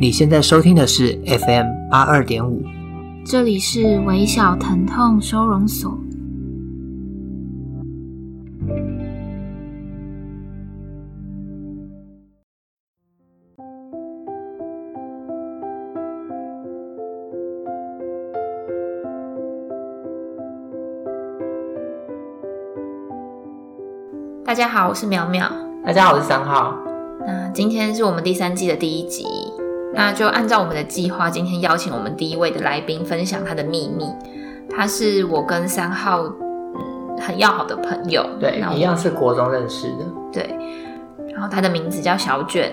你現在收聽的是 FM 八二點五，這裡是微小疼痛收容所。大家好，我是苗苗。大家好，我是三號。那今天是我們第三季的第一集，對那就按照我們的計劃，今天邀請我們第一位的來賓分享他的秘密。他是我跟三號嗯很要好的朋友，對，一樣是國中認識的，對。然後他的名字叫小卷，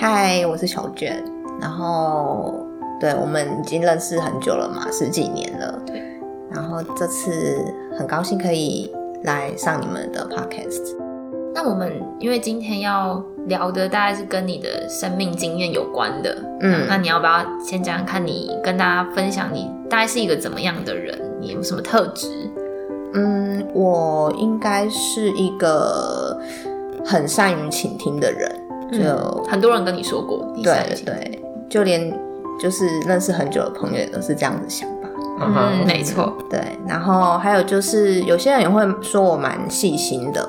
嗨，我是小卷。然後，對我們已經認識很久了嘛，十幾年了，對。對然後這次很高興可以。來上你們的 podcast，那我們因為今天要聊的大概是跟你的生命經驗有關的，嗯，那你要不要先講講看，你跟大家分享你大概是一個怎麼樣的人，你有什麼特質？嗯，我應該是一個很善於傾聽的人，就、嗯、很多人跟你說過，你對，對對，就連就是認識很久的朋友都是這樣子想的。嗯，沒錯，對，然後還有就是，有些人也會說我蠻細心的，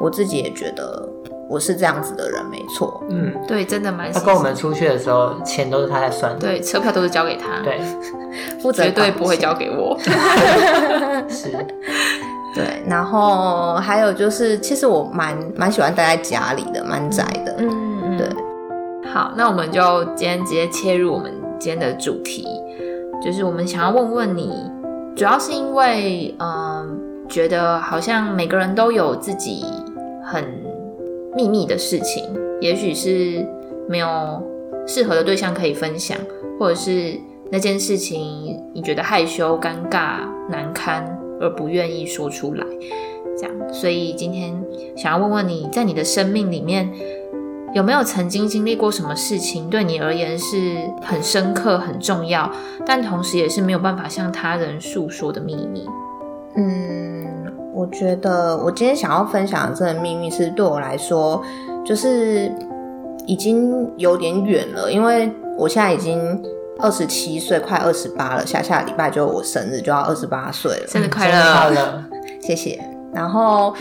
我自己也覺得我是這樣子的人，沒錯，嗯，嗯對，真的蠻細心的。他跟我們出去的時候，錢都是他在算的，對，車票都是交給他，對，負責絕對不會交給我。 對是，對，然後還有就是，其實我蠻蠻喜歡待在家裡的，蠻宅的，嗯嗯，對。好，那我們就今天直接切入我們今天的主題。就是我們想要問問你，主要是因為，嗯，覺得好像每個人都有自己很秘密的事情，也許是沒有適合的對象可以分享，或者是那件事情你覺得害羞、尷尬、難堪而不願意說出來，這樣。所以今天想要問問你在你的生命裡面，有沒有曾經經歷過什麼事情，對你而言是很深刻、很重要，但同時也是沒有辦法向他人訴說的秘密？嗯，我覺得我今天想要分享的這個秘密，是對我來說就是已經有點遠了，因為我現在已經二十七歲，快二十八了，下下禮拜就我生日就要二十八歲了。生日快樂！生日快樂！謝謝。然後。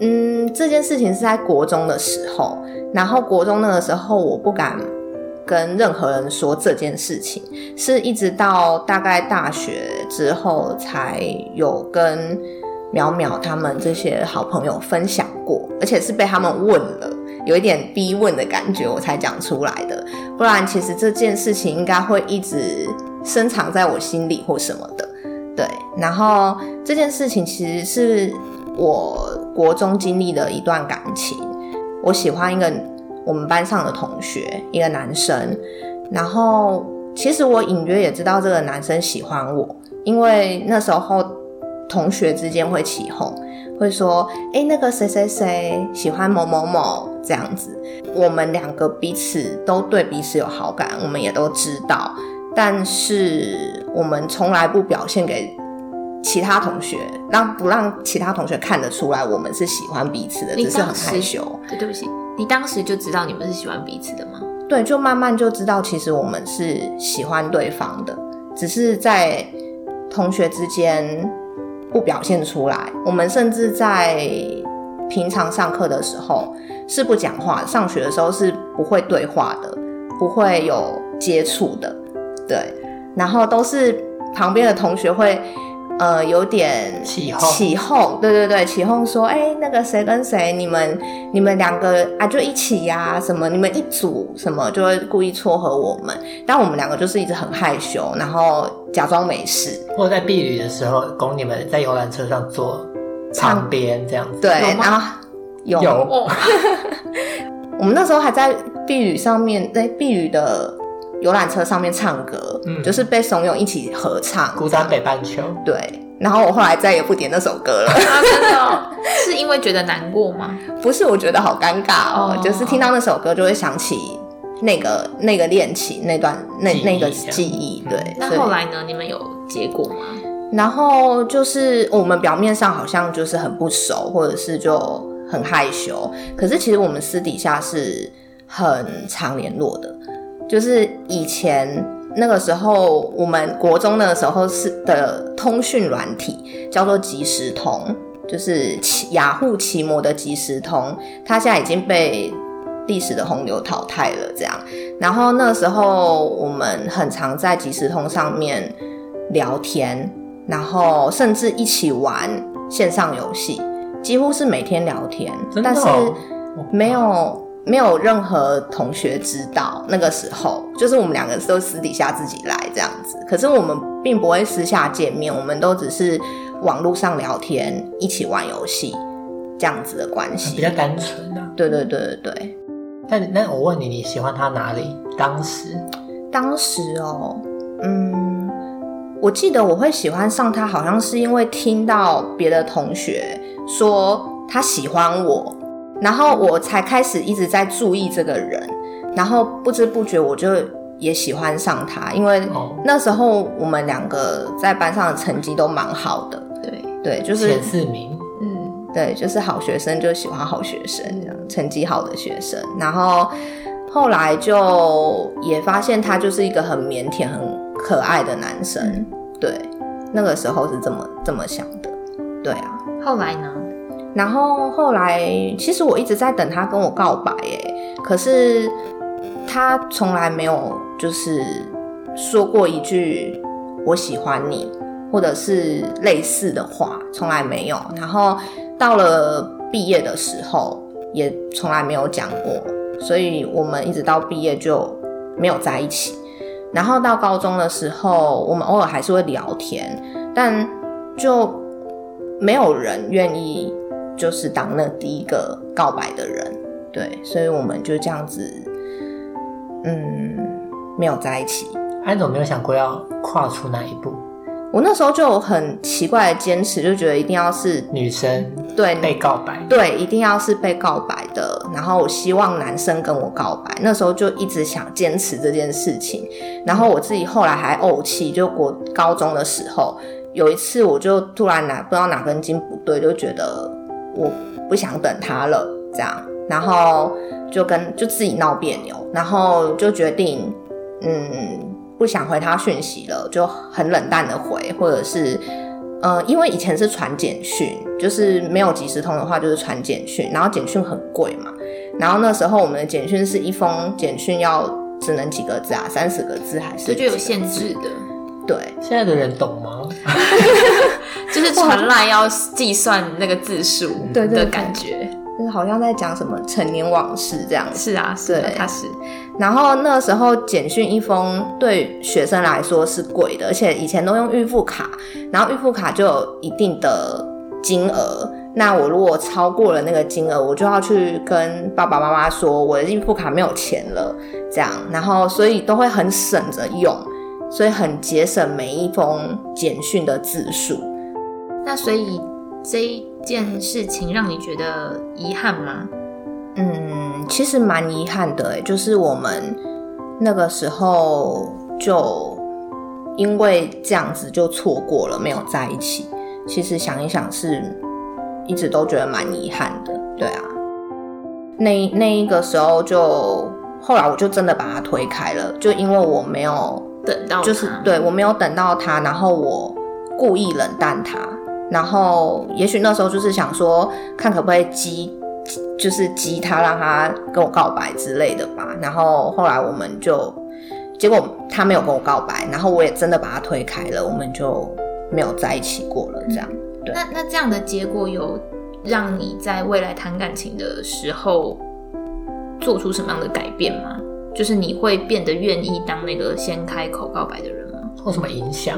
嗯，這件事情是在國中的時候，然後國中那個時候我不敢跟任何人說這件事情，是一直到大概大學之後才有跟淼淼他們這些好朋友分享過，而且是被他們問了，有一點逼問的感覺，我才講出來的。不然其實這件事情應該會一直深藏在我心裡或什麼的。對，然後這件事情其實是我。國中經歷的一段感情，我喜歡一個我們班上的同學，一個男生。然後其實我隱約也知道這個男生喜歡我，因為那時候同學之間會起哄，會說：“哎、欸，那個誰誰誰喜歡某某某。”這樣子，我們兩個彼此都對彼此有好感，我們也都知道，但是我們從來不表現給。其他同學讓不讓其他同學看得出來，我們是喜歡彼此的，你只是很害羞。對，對不起，你當時就知道你們是喜歡彼此的嗎？對，就慢慢就知道，其實我們是喜歡對方的，只是在同學之間不表現出來。我們甚至在平常上課的時候是不講話，上學的時候是不會對話的，不會有接觸的。對，然後都是旁邊的同學會。呃，有點起哄，起哄，對對對，起哄說，哎，那個誰跟誰，你們你們兩個啊，就一起呀，啊，什麼，你們一組，什麼就會故意撮合我們。但我們兩個就是一直很害羞，然後假裝沒事。或者在畢旅的時候，供你們在遊覽車上坐，旁邊旁這樣子。對，嗎然後有有，有 我們那時候還在畢旅上面，在畢旅的。遊覽車上面唱歌，嗯、就是被慫恿一起合唱《孤單北半球》。對，然後我後來再也不點那首歌了， 啊真的哦、是因為覺得難過嗎？ 不是，我覺得好尷尬哦。哦就是聽到那首歌，就會想起那個的那個戀情那段那那，那個記憶。對，嗯、以那後來呢？你們有結果嗎？然後就是我們表面上好像就是很不熟，或者是就很害羞，可是其實我們私底下是很常聯絡的。就是以前那個時候，我們國中那個時候是的通訊軟體叫做即時通，就是雅虎、ah、奇摩的即時通，它現在已經被歷史的洪流淘汰了。這樣，然後那個時候我們很常在即時通上面聊天，然後甚至一起玩線上遊戲，幾乎是每天聊天，但是沒有。沒有任何同學知道那個時候，就是我們兩個都私底下自己來這樣子。可是我們並不會私下見面，我們都只是網絡上聊天、一起玩遊戲這樣子的關係，比較單純的，啊，對對對對對。但那我問你，你喜歡他哪裡？當時，當時哦，嗯，我記得我會喜歡上他，好像是因為聽到別的同學說他喜歡我。然後我才開始一直在注意這個人，然後不知不覺我就也喜歡上他，因為那時候我們兩個在班上的成績都蠻好的。對對，就是前四名。嗯，對，就是好學生就喜歡好學生，這樣成績好的學生。然後後來就也發現他就是一個很靦腆、很可愛的男生。對，那個時候是這麼這麼想的。對啊。後來呢？然後後來，其實，我一直在等他跟我告白，耶，可是他從來沒有就是說過一句我喜歡你，或者是類似的話，從來沒有。然後到了畢業的時候，也從來沒有講過，所以我們一直到畢業就沒有在一起。然後到高中的時候，我們偶爾還是會聊天，但就沒有人願意。就是當那第一個告白的人，對，所以我們就這樣子，嗯，沒有在一起。你怎麼沒有想過要跨出那一步？我那時候就很奇怪的堅持，就覺得一定要是女生對被告白對，對，一定要是被告白的。然後我希望男生跟我告白，那時候就一直想堅持這件事情。然後我自己後來還慪氣，就我高中的時候有一次，我就突然哪不知道哪根筋不對，就覺得。我不想等他了，這樣，然後就跟就自己鬧彆扭，然後就決定，嗯，不想回他訊息了，就很冷淡的回，或者是，嗯、呃，因為以前是傳簡訊，就是沒有即時通的話，就是傳簡訊，然後簡訊很貴嘛，然後那時候我們的簡訊是一封簡訊要只能幾個字啊，三十個字還是幾個字？這就，就有限制的，對。現在的人懂嗎？ 就是從來要計算那個字數，對的感覺對對對，就是好像在講什麼陳年往事這樣子。是啊，是啊，對，他是。然後那時候簡訊一封對學生來說是貴的，而且以前都用預付卡，然後預付卡就有一定的金額。那我如果超過了那個金額，我就要去跟爸爸媽媽說我的預付卡沒有錢了這樣，然後所以都會很省着用，所以很節省每一封簡訊的字數。那所以這一件事情讓你覺得遺憾嗎？嗯，其實蠻遺憾的、欸、就是我們那個時候就因為這樣子就錯過了，沒有在一起。其實想一想是，一直都覺得蠻遺憾的。對啊，那那一個時候就後來我就真的把他推開了，就因為我沒有、就是、等到他，就是對我沒有等到他，然後我故意冷淡他。然後，也許那時候就是想說，看可不可以激，就是激他，讓他跟我告白之類的吧。然後後來我們就，結果他沒有跟我告白，然後我也真的把他推開了，我們就沒有在一起過了。這樣，嗯、對。那那這樣的結果有讓你在未來談感情的時候做出什麼樣的改變嗎？就是你會變得願意當那個先開口告白的人嗎？有什麼影響？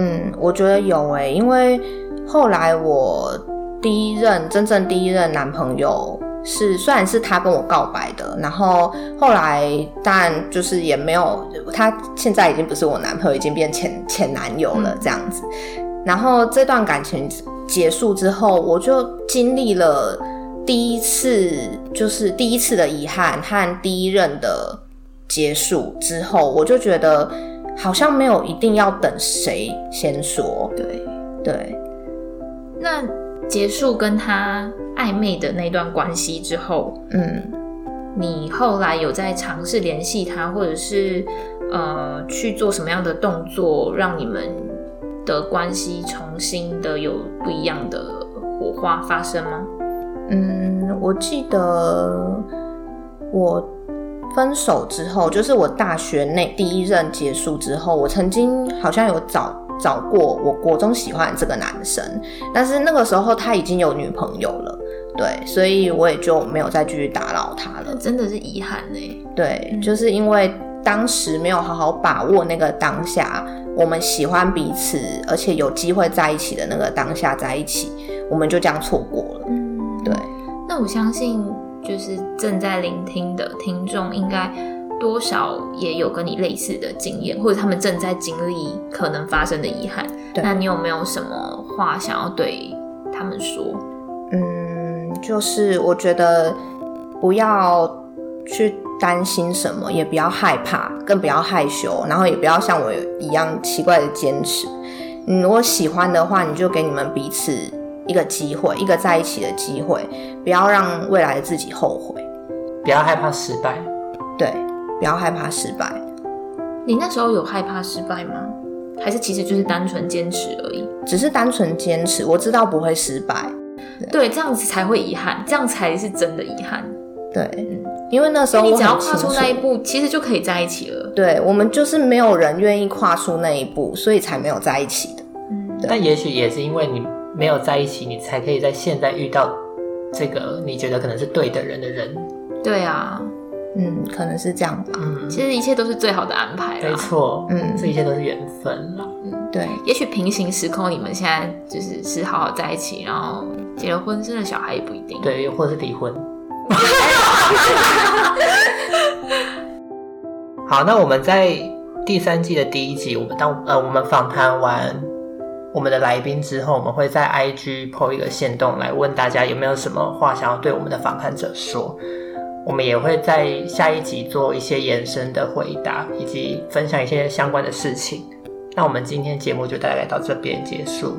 嗯，我覺得有誒、欸，因為後來我第一任真正第一任男朋友是，雖然是他跟我告白的，然後後來，但就是也沒有，他現在已經不是我男朋友，已經變前前男友了這樣子。然後這段感情結束之後，我就經歷了第一次，就是第一次的遺憾和第一任的結束之後，我就覺得。好像沒有一定要等誰先說。對對，那結束跟他曖昧的那段關係之後，嗯，你後來有在嘗試聯繫他，或者是呃去做什麼樣的動作，讓你們的關係重新的有不一樣的火花發生嗎？嗯，我記得我。分手之後，就是我大學那第一任結束之後，我曾經好像有找找過我國中喜歡這個男生，但是那個時候他已經有女朋友了，對，所以我也就沒有再繼續打擾他了，真的是遺憾哎、欸。對，嗯、就是因為當時沒有好好把握那個當下，我們喜歡彼此，而且有機會在一起的那個當下在一起，我們就這樣錯過了。嗯、對。那我相信。就是正在聆聽的聽眾，應該多少也有跟你類似的經驗，或者他們正在經歷可能發生的遺憾。對那你有沒有什麼話想要對他們說？嗯，就是我覺得不要去擔心什麼，也不要害怕，更不要害羞，然後也不要像我一樣奇怪的堅持。你如果喜歡的話，你就給你們彼此。一個機會，一個在一起的機會，不要讓未來的自己後悔。不要害怕失敗。對，不要害怕失敗。你那時候有害怕失敗嗎？還是其實就是單純堅持而已？只是單純堅持，我知道不會失敗。對，對這樣子才會遺憾，這樣才是真的遺憾。對，因為那時候你只要跨出那一步，其實就可以在一起了。對，我們就是沒有人願意跨出那一步，所以才沒有在一起的。嗯，對，但也許也是因為你。沒有在一起，你才可以在現在遇到這個你覺得可能是對的人的人。對啊，嗯，可能是這樣的。嗯，其實一切都是最好的安排啦。沒錯錯，嗯，這一切都是緣分了。嗯，對，也許平行時空你們現在就是是好好在一起，然後結了婚生了小孩也不一定。對，又或者是離婚。 好，那我們在第三季的第一集，我們當呃我們訪談完。我們的來賓之後，我們會在 IG 破一個限動來問大家有沒有什麼話想要對我們的訪談者說。我們也會在下一集做一些延伸的回答，以及分享一些相關的事情。那我們今天節目就帶大家來到這邊結束，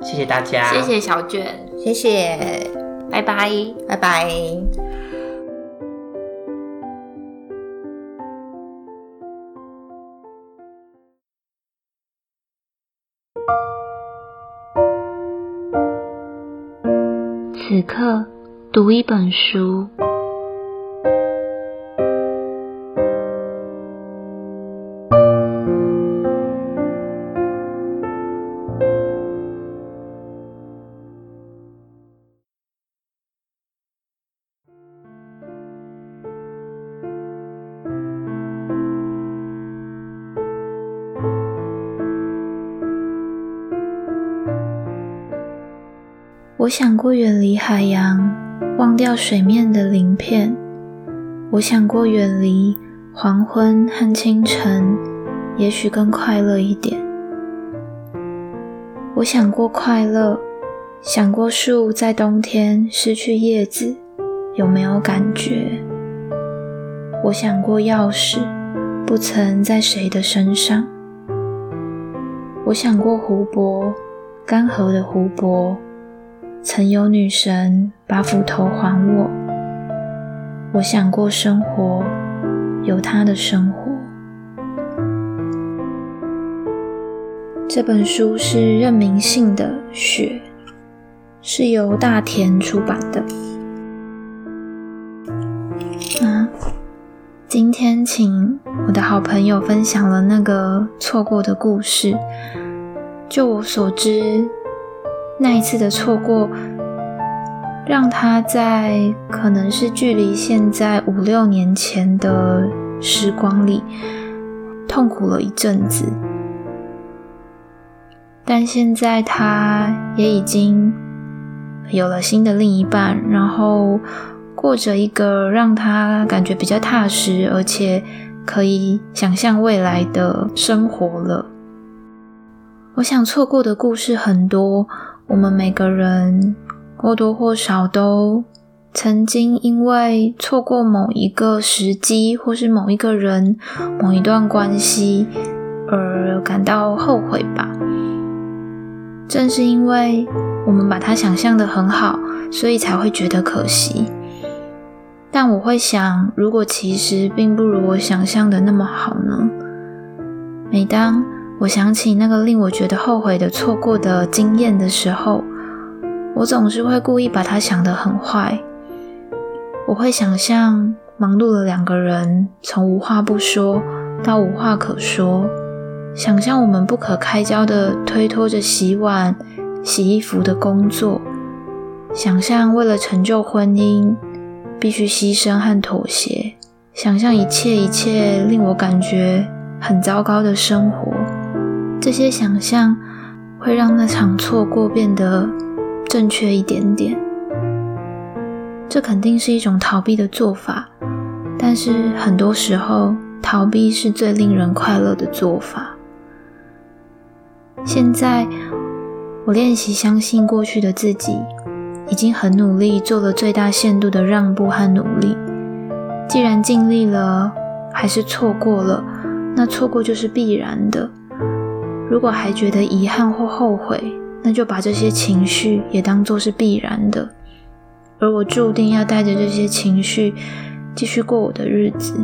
謝謝大家，謝謝小卷，謝謝，拜拜，拜拜。二讀一本書。我想過遠離海洋，忘掉水面的鱗片。我想過遠離黃昏和清晨，也許更快樂一點。我想過快樂，想過樹在冬天失去葉子，有沒有感覺？我想過鑰匙，不曾在誰的身上。我想過湖泊，乾涸的湖泊。曾有女神把斧頭還我。我想過生活，有她的生活。這本書是任明信的《雪》，是由大田出版的。啊，今天請我的好朋友分享了那個錯過的故事。就我所知。那一次的錯過，讓他在可能是距離現在五六年前的時光裡，痛苦了一陣子。但現在他也已經有了新的另一半，然後過着一個讓他感覺比較踏實，而且可以想象未來的生活了。我想錯過的故事很多。我們每個人或多或少都曾經因為錯過某一個時機，或是某一個人、某一段關係而感到後悔吧。正是因為我們把它想象的很好，所以才會覺得可惜。但我會想，如果其實並不如我想象的那麼好呢？每當……我想起那個令我覺得後悔的錯過的經驗的時候，我總是會故意把它想得很壞。我會想象忙碌的兩個人從無話不說到無話可說，想象我們不可開交的推脫着洗碗、洗衣服的工作，想象為了成就婚姻必須犧牲和妥協，想象一切一切令我感覺很糟糕的生活。這些想象會讓那場錯過變得正確一點點。這肯定是一種逃避的做法，但是很多時候，逃避是最令人快樂的做法。現在，我練習相信過去的自己已經很努力，做了最大限度的讓步和努力。既然盡力了，還是錯過了，那錯過就是必然的。如果還覺得遺憾或後悔，那就把這些情緒也當做是必然的，而我注定要帶着這些情緒繼續過我的日子。